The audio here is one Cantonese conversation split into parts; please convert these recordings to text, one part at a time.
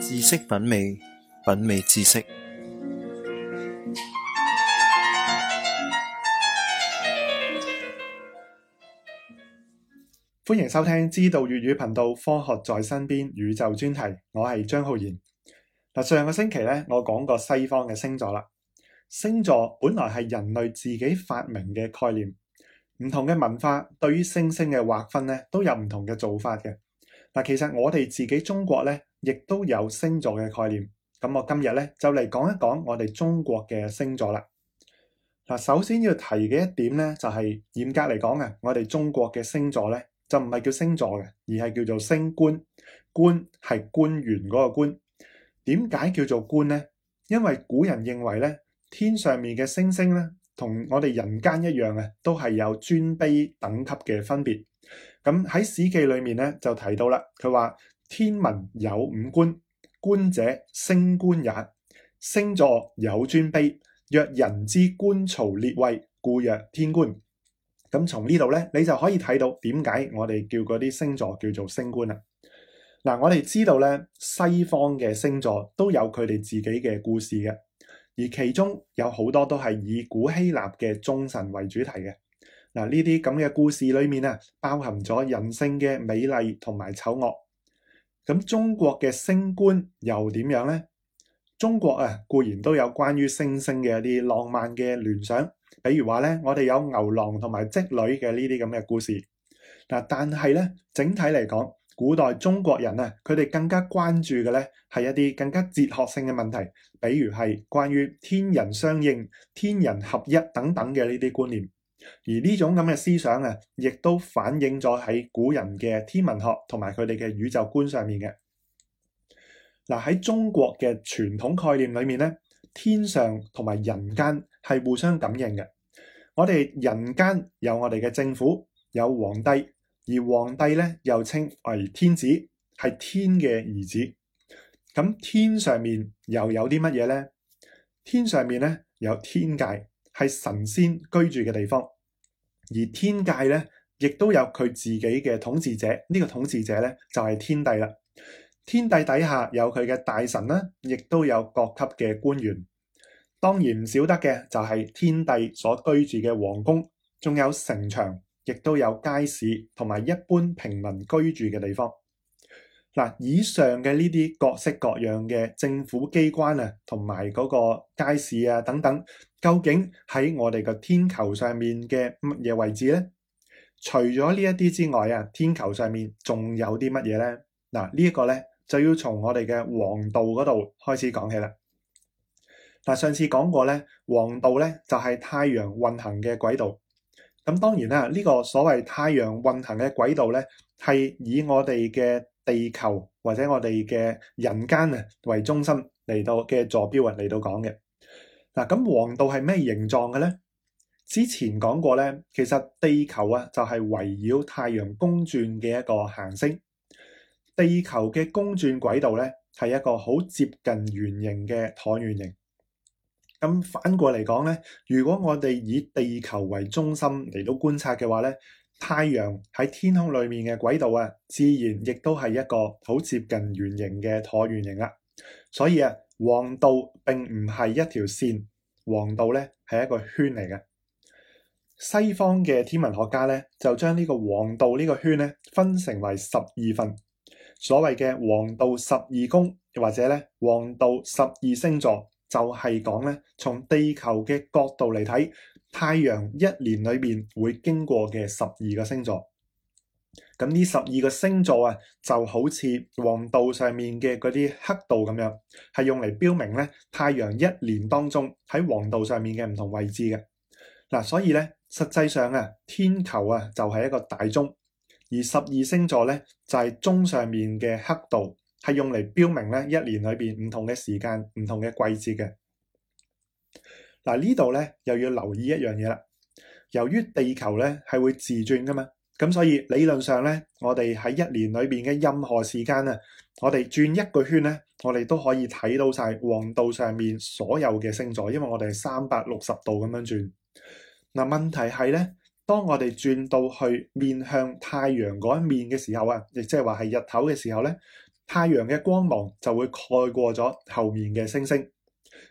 知識品味，品味知識。歡迎收聽知道粵語頻道《科學在身邊》宇宙專題，我係張浩然。嗱，上個星期咧，我講過西方嘅星座啦。星座本來係人類自己發明嘅概念，唔同嘅文化對於星星嘅劃分呢，都有唔同嘅做法嘅。嗱，其實我哋自己中國咧，亦都有星座嘅概念。咁我今日咧就嚟講一講我哋中國嘅星座啦。嗱，首先要提嘅一點咧，就係嚴格嚟講啊，我哋中國嘅星座咧就唔係叫星座嘅，而係叫做星官。官係官員嗰個官。點解叫做官咧？因為古人認為咧，天上面嘅星星咧，同我哋人間一樣啊，都係有尊卑等級嘅分別。咁喺史記裏面咧就提到啦，佢話天文有五官，官者星官也，星座有尊卑，若人之官曹列位，故曰天官。咁從呢度咧，你就可以睇到點解我哋叫嗰啲星座叫做星官啦。嗱、嗯，我哋知道咧，西方嘅星座都有佢哋自己嘅故事嘅，而其中有好多都係以古希臘嘅眾神為主題嘅。嗱，呢啲咁嘅故事裏面啊，包含咗人性嘅美麗同埋醜惡。咁中國嘅星官又點樣呢？中國啊，固然都有關於星星嘅一啲浪漫嘅聯想，比如話咧，我哋有牛郎同埋織女嘅呢啲咁嘅故事。嗱，但係咧，整體嚟講，古代中國人啊，佢哋更加關注嘅咧係一啲更加哲學性嘅問題，比如係關於天人相應、天人合一等等嘅呢啲觀念。而呢種咁嘅思想啊，亦都反映咗喺古人嘅天文學同埋佢哋嘅宇宙觀上面嘅。嗱，喺中國嘅傳統概念裏面咧，天上同埋人間係互相感應嘅。我哋人間有我哋嘅政府，有皇帝，而皇帝咧又稱為天子，係天嘅兒子。咁天上面又有啲乜嘢咧？天上面咧有天界。係神仙居住嘅地方，而天界呢亦都有佢自己嘅統治者。呢個統治者呢就係天帝啦。天帝底下有佢嘅大臣啦，亦都有各級嘅官員。當然唔少得嘅就係天帝所居住嘅皇宮，仲有城牆，亦都有街市同埋一般平民居住嘅地方。嗱，以上嘅呢啲各式各樣嘅政府機關啊，同埋嗰個街市啊等等，究竟喺我哋嘅天球上面嘅乜嘢位置呢？除咗呢一啲之外啊，天球上面仲有啲乜嘢呢？嗱，呢一個呢，就要從我哋嘅黃道嗰度開始講起啦。嗱，上次講過呢，黃道呢就係太陽運行嘅軌道。咁當然啦，呢個所謂太陽運行嘅軌道呢，係以我哋嘅地球或者我哋嘅人間啊為中心嚟到嘅坐標啊嚟到講嘅。嗱，咁黃道係咩形狀嘅咧？之前講過咧，其實地球啊，就係圍繞太陽公轉嘅一個行星，地球嘅公轉軌道咧係一個好接近圓形嘅橢圓形。咁反過嚟講咧，如果我哋以地球為中心嚟到觀察嘅話咧。太陽喺天空裏面嘅軌道啊，自然亦都係一個好接近圓形嘅橢圓形啦。所以啊，黃道並唔係一條線，黃道咧係一個圈嚟嘅。西方嘅天文學家咧，就將呢個黃道呢個圈咧分成為十二份，所謂嘅黃道十二宮，或者咧黃道十二星座，就係講咧從地球嘅角度嚟睇。太陽一年裏面會經過嘅十二個星座，咁呢十二個星座啊，就好似黃道上面嘅嗰啲刻度咁樣，係用嚟標明咧太陽一年當中喺黃道上面嘅唔同位置嘅。嗱、啊，所以咧，實際上啊，天球啊就係、是、一個大鐘，而十二星座咧就係、是、鐘上面嘅刻度，係用嚟標明咧一年裏邊唔同嘅時間、唔同嘅季節嘅。嗱，呢度咧又要留意一樣嘢啦。由於地球咧係會自轉㗎嘛，咁所以理論上咧，我哋喺一年裏面嘅任何時間啊，我哋轉一個圈咧，我哋都可以睇到晒黃道上面所有嘅星座，因為我哋係三百六十度咁樣轉。嗱，問題係咧，當我哋轉到去面向太陽嗰一面嘅時候啊，亦即係話係日頭嘅時候咧，太陽嘅光芒就會蓋過咗後面嘅星星。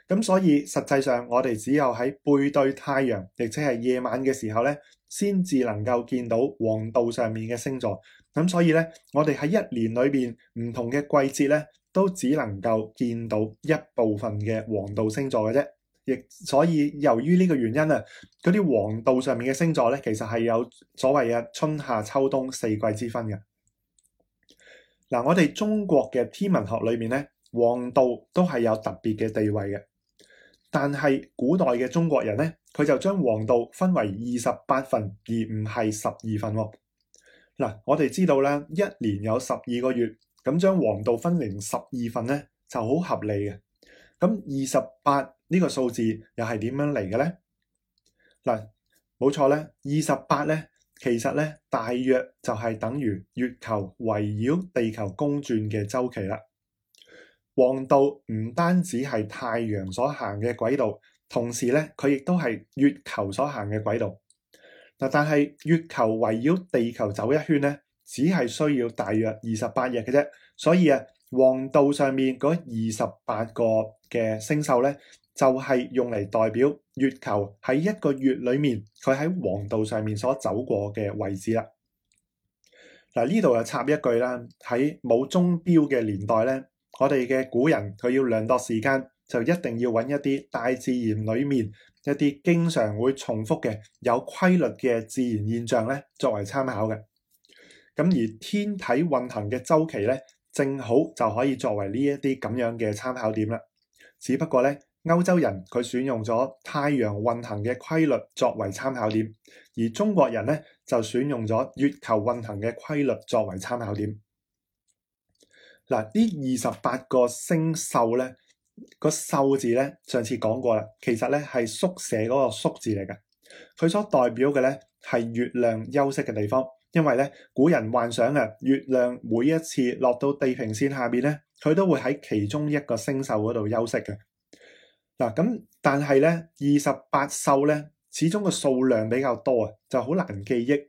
咁所以實際上，我哋只有喺背對太陽，亦即係夜晚嘅時候咧，先至能夠見到黃道上面嘅星座。咁所以咧，我哋喺一年裏面唔同嘅季節咧，都只能夠見到一部分嘅黃道星座嘅啫。亦所以，由於呢個原因啊，嗰啲黃道上面嘅星座咧，其實係有所謂嘅春夏秋冬四季之分嘅。嗱，我哋中國嘅天文學裏面咧，黃道都係有特別嘅地位嘅。但係古代嘅中國人呢，佢就將黃道分為二十八份，而唔係十二份。嗱、啊，我哋知道啦，一年有十二個月，咁將黃道分成十二份呢，就好合理嘅。咁二十八呢個數字又係點樣嚟嘅呢？嗱、啊，冇錯呢，二十八呢，其實呢，大約就係等於月球圍繞地球公轉嘅週期啦。黃道唔單止係太陽所行嘅軌道，同時咧佢亦都係月球所行嘅軌道。嗱，但係月球圍繞地球走一圈咧，只係需要大約二十八日嘅啫。所以啊，黃道上面嗰二十八個嘅星宿咧，就係、是、用嚟代表月球喺一個月裏面，佢喺黃道上面所走過嘅位置啦。嗱、啊，呢度又插一句啦，喺冇鐘錶嘅年代咧。我哋嘅古人佢要量度時間，就一定要揾一啲大自然裏面一啲經常會重複嘅有規律嘅自然現象呢，作為參考嘅。咁而天體運行嘅周期呢，正好就可以作為呢一啲咁樣嘅參考點啦。只不過呢，歐洲人佢選用咗太陽運行嘅規律作為參考點，而中國人呢，就選用咗月球運行嘅規律作為參考點。嗱，呢二十八個星宿咧，個宿字咧，上次講過啦，其實咧係宿舍嗰個宿字嚟㗎。佢所代表嘅咧係月亮休息嘅地方，因為咧古人幻想啊，月亮每一次落到地平線下面咧，佢都會喺其中一個星宿嗰度休息嘅。嗱，咁但係咧，二十八宿咧，始終個數量比較多啊，就好難記憶，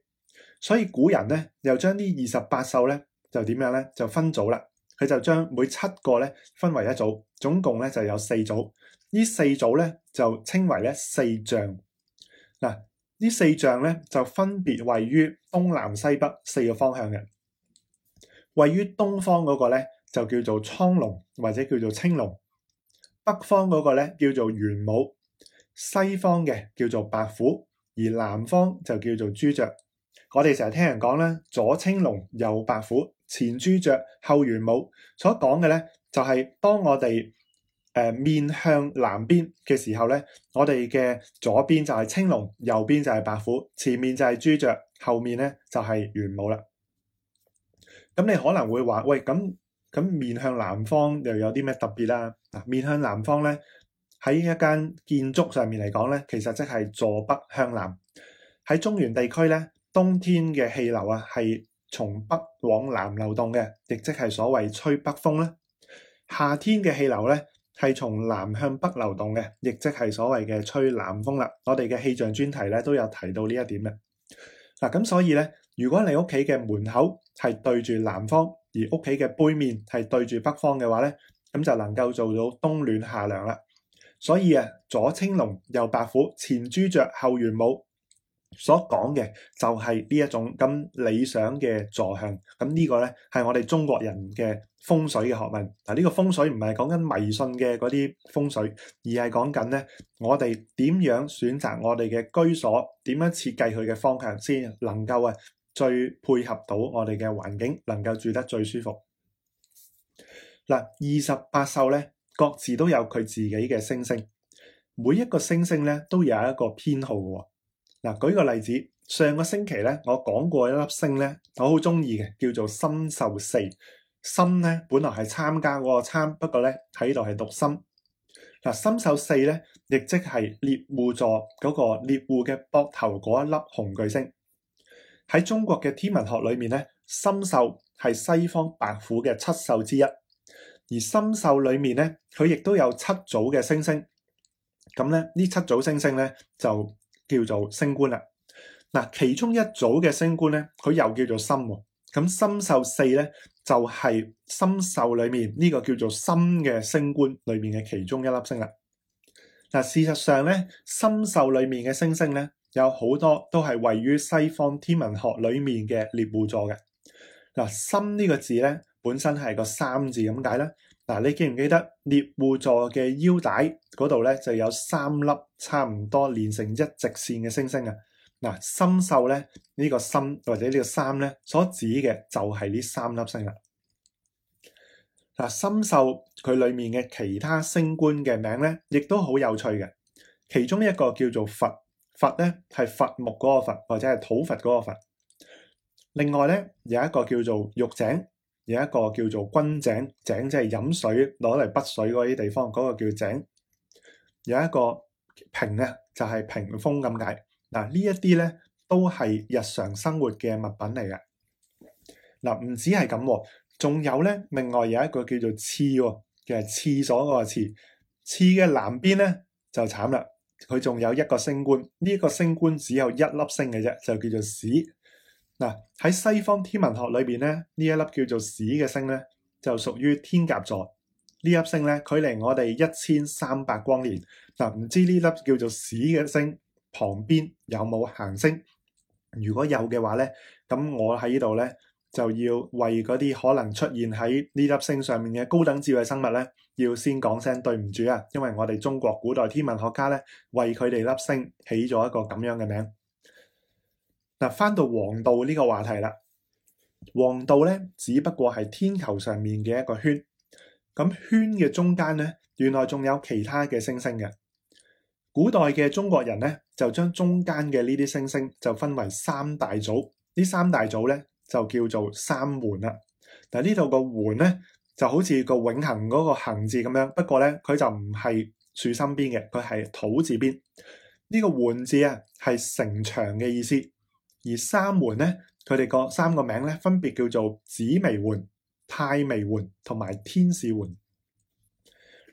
所以古人咧又將呢二十八宿咧就點樣咧就分組啦。佢就將每七個咧分為一組，總共咧就有四組。呢四組咧就稱為咧四象。嗱，呢四象咧就分別位於東南西北四個方向嘅。位於東方嗰個咧就叫做蒼龍，或者叫做青龍；北方嗰個咧叫做玄武；西方嘅叫做白虎，而南方就叫做朱雀。我哋成日聽人講咧左青龍，右白虎，前朱雀，後玄武，所講嘅咧，就係當我哋誒面向南邊嘅時候咧，我哋嘅左邊就係青龍，右邊就係白虎，前面就係朱雀，後面咧就係玄武啦。咁你可能會話，喂，咁咁面向南方又有啲咩特別啦？嗱，面向南方咧，喺一間建築上面嚟講咧，其實即係坐北向南。喺中原地區咧，冬天嘅氣流啊，係從北往南流動嘅，亦即係所謂吹北風啦。夏天嘅氣流咧，係從南向北流動嘅，亦即係所謂嘅吹南風啦。我哋嘅氣象專題咧都有提到呢一點嘅。嗱、啊，咁所以咧，如果你屋企嘅門口係對住南方，而屋企嘅背面係對住北方嘅話咧，咁就能夠做到冬暖夏涼啦。所以啊，左青龍，右白虎，前朱雀，後玄武。所講嘅就係呢一種咁理想嘅坐向，咁呢個呢，係我哋中國人嘅風水嘅學問。嗱，呢個風水唔係講緊迷信嘅嗰啲風水，而係講緊呢：我哋點樣選擇我哋嘅居所，點樣設計佢嘅方向先能夠啊最配合到我哋嘅環境，能夠住得最舒服。嗱，二十八宿呢，各自都有佢自己嘅星星，每一個星星呢，都有一個編號喎。嗱，舉個例子，上個星期咧，我講過一粒星咧，我好中意嘅叫做參宿四參咧。本來係參加嗰個參，不過咧喺度係讀心嗱。參宿四咧，亦即係獵戶座嗰、那個獵戶嘅膊頭嗰一粒紅巨星。喺中國嘅天文學裏面咧，參宿係西方白虎嘅七宿之一，而參宿裏面咧，佢亦都有七組嘅星星。咁咧，呢七組星星咧就。叫做星官啦。嗱，其中一組嘅星官咧，佢又叫做參。咁參宿四咧，就係參宿裏面呢、這個叫做參嘅星官裏面嘅其中一粒星啦。嗱，事實上咧，參宿裏面嘅星星咧，有好多都係位於西方天文學裏面嘅獵戶座嘅嗱。參呢個字咧，本身係個三字咁解咧。嗱，你記唔記得獵戶座嘅腰帶嗰度咧，就有三粒差唔多連成一直線嘅星星啊？嗱，參宿咧，呢個參或者呢個三咧所指嘅就係呢三粒星啊。嗱，參宿佢裏面嘅其他星官嘅名咧，亦都好有趣嘅。其中一個叫做伐，伐咧係伐木嗰個伐，或者係討伐嗰個伐。另外咧有一個叫做玉井。有一個叫做軍井，井，即係飲水攞嚟筆水嗰啲地方，嗰個叫井。有一個屏啊，就係屏風咁解。嗱，呢一啲咧都係日常生活嘅物品嚟嘅。嗱，唔止係咁，仲有咧另外有一個叫做廁，嘅廁所個廁。廁嘅南邊咧就慘啦，佢仲有一個星官，呢個星官只有一粒星嘅啫，就叫做屎。嗱喺西方天文學裏邊咧，呢一粒叫做屎嘅星咧，就屬於天鴿座。呢粒星咧，距離我哋一千三百光年。嗱，唔知呢粒叫做屎嘅星旁邊有冇行星？如果有嘅話咧，咁我喺呢度咧就要為嗰啲可能出現喺呢粒星上面嘅高等智慧生物咧，要先講聲對唔住啊，因為我哋中國古代天文學家咧，為佢哋粒星起咗一個咁樣嘅名。嗱，翻到黃道呢個話題啦。黃道呢，只不過係天球上面嘅一個圈，咁圈嘅中間呢，原來仲有其他嘅星星嘅。古代嘅中國人呢，就將中間嘅呢啲星星就分為三大組，呢三大組呢，就叫做三垣啦。嗱，呢度個垣呢，就好似個永恆嗰個恆字咁樣，不過呢，佢就唔係樹心邊嘅，佢係土字邊呢個垣字啊，係城牆嘅意思。而三垣咧，佢哋個三個名咧，分別叫做紫微垣、太微垣同埋天市垣。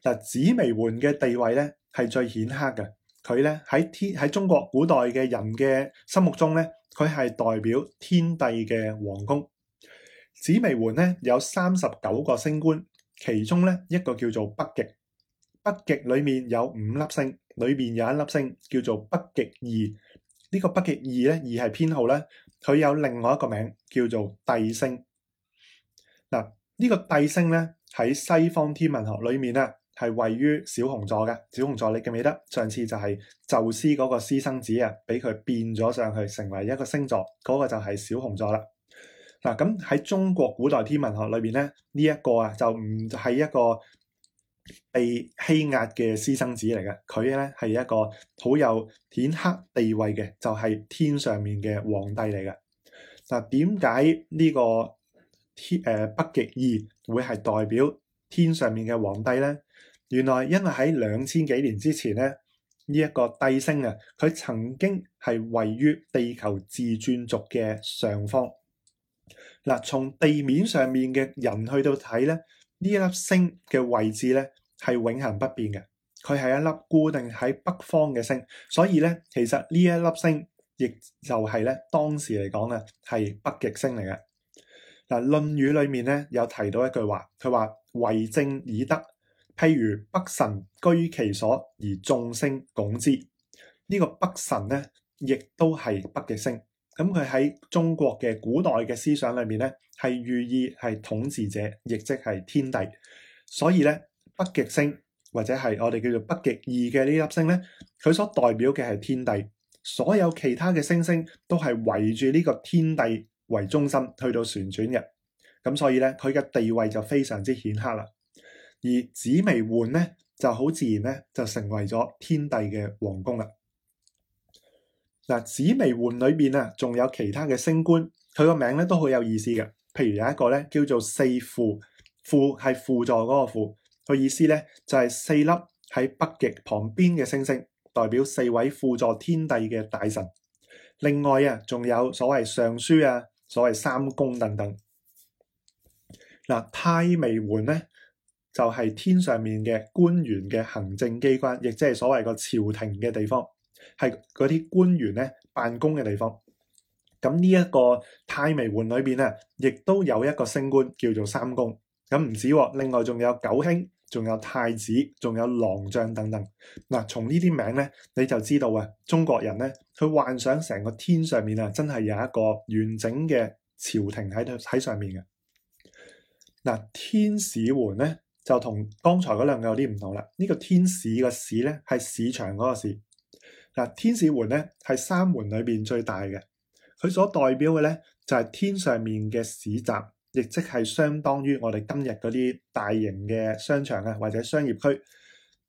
嗱，紫微垣嘅地位咧係最顯赫嘅，佢咧喺天喺中國古代嘅人嘅心目中咧，佢係代表天帝嘅皇宮。紫微垣咧有三十九個星官，其中咧一個叫做北極。北極裏面有五粒星，裏面有一粒星叫做北極二。呢個北極二咧，二係編號咧，佢有另外一個名叫做帝星嗱。呢個帝星咧喺西方天文學裏面啊，係位於小熊座嘅小熊座，你記唔記得上次就係宙斯嗰個私生子啊，俾佢變咗上去，成為一個星座，嗰個就係小熊座啦嗱。咁喺中國古代天文學裏邊咧，呢一個啊就唔係一個。被欺壓嘅私生子嚟嘅，佢咧係一個好有顯赫地位嘅，就係天上面嘅皇帝嚟嘅。嗱，點解呢個天誒北極二會係代表天上面嘅皇帝咧？原來因為喺兩千幾年之前咧，呢一個帝星啊，佢曾經係位於地球自轉軸嘅上方。嗱，從地面上面嘅人去到睇咧。呢一粒星嘅位置咧係永恒不變嘅，佢係一粒固定喺北方嘅星，所以咧其實呢一粒星亦就係、是、咧當時嚟講嘅係北極星嚟嘅。嗱，《論語》裏面呢，裏面咧有提到一句話，佢話為政以德，譬如北辰居其所而眾星拱之。呢、呢個北辰咧亦都係北極星。咁佢喺中國嘅古代嘅思想裏面咧，係寓意係統治者，亦即係天帝。所以咧，北極星或者係我哋叫做北極二嘅呢粒星咧，佢所代表嘅係天帝。所有其他嘅星星都係圍住呢個天帝為中心去到旋轉嘅。咁所以咧，佢嘅地位就非常之顯赫啦。而紫微垣咧，就好自然咧，就成為咗天帝嘅皇宮啦。嗱，紫微垣裏面啊，仲有其他嘅星官，佢個名咧都好有意思嘅。譬如有一個咧叫做四輔，輔係輔助嗰個輔，佢意思咧就係四粒喺北極旁邊嘅星星，代表四位輔助天帝嘅大神。另外啊，仲有所謂尚書啊，所謂三公等等。嗱，太微垣咧就係天上面嘅官員嘅行政機關，亦即係所謂個朝廷嘅地方。係嗰啲官員咧辦公嘅地方。咁呢一個太微垣裏邊咧，亦都有一個星官叫做三公。咁唔止、哦，另外仲有九卿，仲有太子，仲有郎將等等。嗱，從呢啲名咧你就知道啊，中國人咧佢幻想成個天上面啊，真係有一個完整嘅朝廷喺度喺上面嘅。嗱，天市垣咧就同剛才嗰兩個有啲唔同啦。呢、這個天市嘅市咧係市場嗰個市。嗱，天市門咧係三門裏邊最大嘅。佢所代表嘅咧就係、是、天上面嘅市集，亦即係相當於我哋今日嗰啲大型嘅商場啊，或者商業區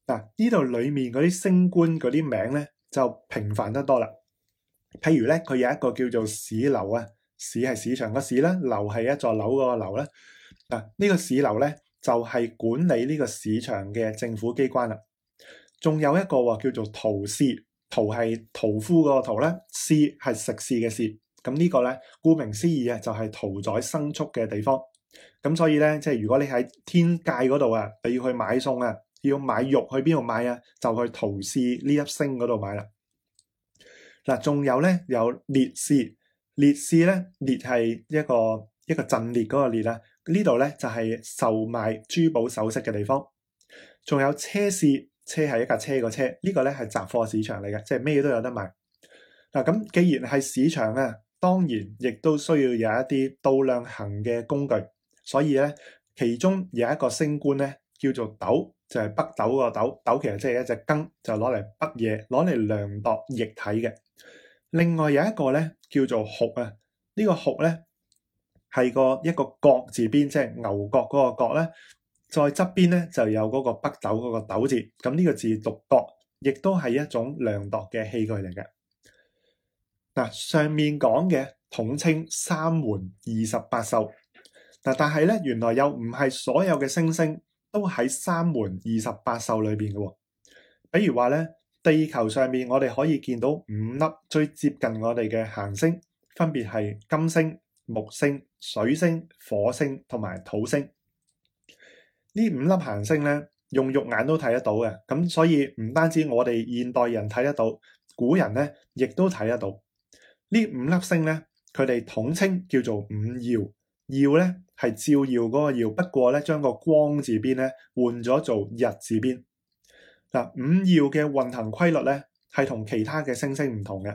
嗱。呢度裏面嗰啲星官嗰啲名咧就平凡得多啦。譬如咧，佢有一個叫做市樓啊，市係市場個市啦，樓係一座樓嗰個樓咧嗱。呢個市樓咧就係、是、管理呢個市場嘅政府機關啦。仲有一個話、哦、叫做屠肆。屠係屠夫個屠咧，肆係食肆嘅肆，咁呢個咧，顧名思義啊就係屠宰牲畜嘅地方。咁所以咧，即係如果你喺天界嗰度啊，你要去買餸啊，要買肉去邊度買啊？就去屠肆呢一星嗰度買啦。嗱，仲有咧，有列肆，列肆咧列係一個一個陣列嗰個列啦。呢度咧就係售賣珠寶首飾嘅地方，仲有車肆。車係一架車個車，呢個咧係雜貨市場嚟嘅，即係咩嘢都有得賣。嗱咁，既然係市場咧，當然亦都需要有一啲度量衡嘅工具。所以咧，其中有一個星官咧，叫做斗，就係北斗個斗。斗其實即係一隻羹，就攞嚟滗嘢，攞嚟量度液體嘅。另外有一個咧叫做斛啊，呢個斛咧係個一個角字邊，即係牛角嗰個角咧。再側邊咧，就有嗰個北斗嗰個斗字，咁呢個字讀角，亦都係一種量度嘅器具嚟嘅。嗱，上面講嘅統稱三垣二十八宿，嗱，但係咧原來又唔係所有嘅星星都喺三垣二十八宿裏邊嘅，比如話咧地球上面我哋可以見到五粒最接近我哋嘅行星，分別係金星、木星、水星、火星同埋土星。呢五粒行星咧，用肉眼都睇得到嘅，咁所以唔單止我哋現代人睇得到，古人咧亦都睇得到。呢五粒星咧，佢哋統稱叫做五曜。曜咧係照耀嗰個耀，不過咧將個光字邊咧換咗做日字邊。嗱，五曜嘅運行規律咧係同其他嘅星星唔同嘅。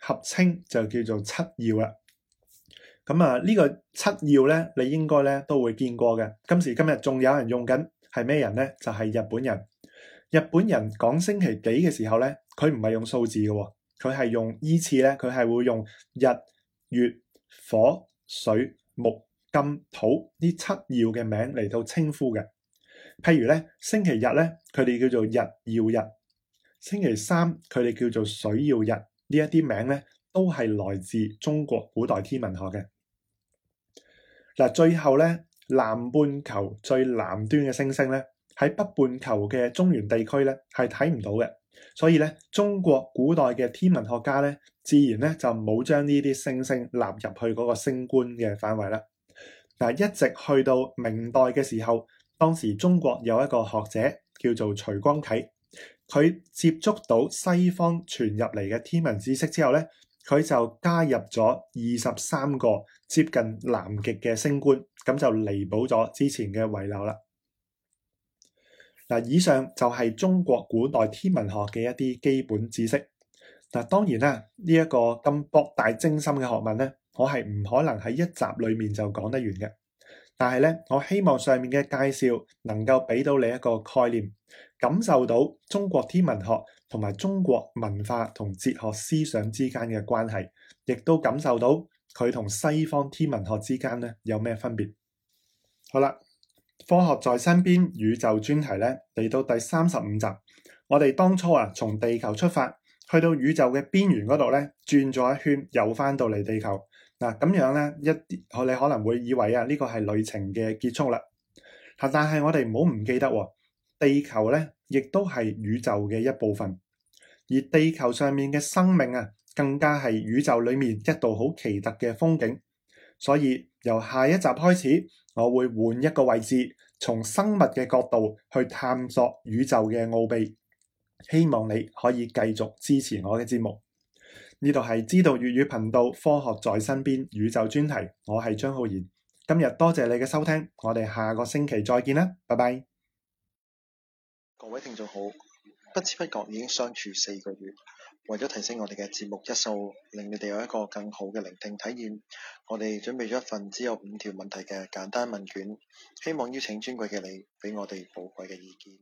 合稱就叫做七曜啦。咁啊，呢個七曜咧，你應該咧都會見過嘅。今時今日仲有人用緊係咩人咧？就係日本人。日本人講星期幾嘅時候咧，佢唔係用數字嘅，佢係用依次咧，佢係會用日、月、火、水、木、金、土呢七曜嘅名嚟到稱呼嘅。譬如咧星期日咧，佢哋叫做日曜日；星期三，佢哋叫做水曜日。呢一啲名咧，都係來自中國古代天文學嘅。嗱，最後咧，南半球最南端嘅星星咧，喺北半球嘅中原地區咧係睇唔到嘅，所以咧，中國古代嘅天文學家咧，自然咧就冇將呢啲星星納入去嗰個星官嘅範圍啦。嗱，一直去到明代嘅時候，當時中國有一個學者叫做徐光啟。佢接觸到西方傳入嚟嘅天文知識之後呢，佢就加入咗二十三個接近南極嘅星官，咁就彌補咗之前嘅遺漏啦。嗱，以上就係中國古代天文學嘅一啲基本知識。嗱，當然啦，呢一個咁博大精深嘅學問呢，我係唔可能喺一集裏面就講得完嘅。但係咧，我希望上面嘅介紹能夠俾到你一個概念，感受到中國天文學同埋中國文化同哲學思想之間嘅關係，亦都感受到佢同西方天文學之間咧有咩分別。好啦，科學在身邊宇宙專題咧嚟到第三十五集，我哋當初啊從地球出發，去到宇宙嘅邊緣嗰度咧，轉咗一圈，又翻到嚟地球。嗱，咁樣咧一啲，我你可能會以為啊，呢個係旅程嘅結束啦。吓，但係我哋唔好唔記得，地球咧亦都係宇宙嘅一部分，而地球上面嘅生命啊，更加係宇宙裏面一道好奇特嘅風景。所以由下一集開始，我會換一個位置，從生物嘅角度去探索宇宙嘅奧秘。希望你可以繼續支持我嘅節目。呢度係知道粵語頻道科學在身邊宇宙專題，我係張浩然。今日多謝你嘅收聽，我哋下個星期再見啦，拜拜。各位聽眾好，不知不覺已經相處四個月，為咗提升我哋嘅節目質素，令你哋有一個更好嘅聆聽體驗，我哋準備咗一份只有五條問題嘅簡單問卷，希望邀請尊貴嘅你俾我哋寶貴嘅意見。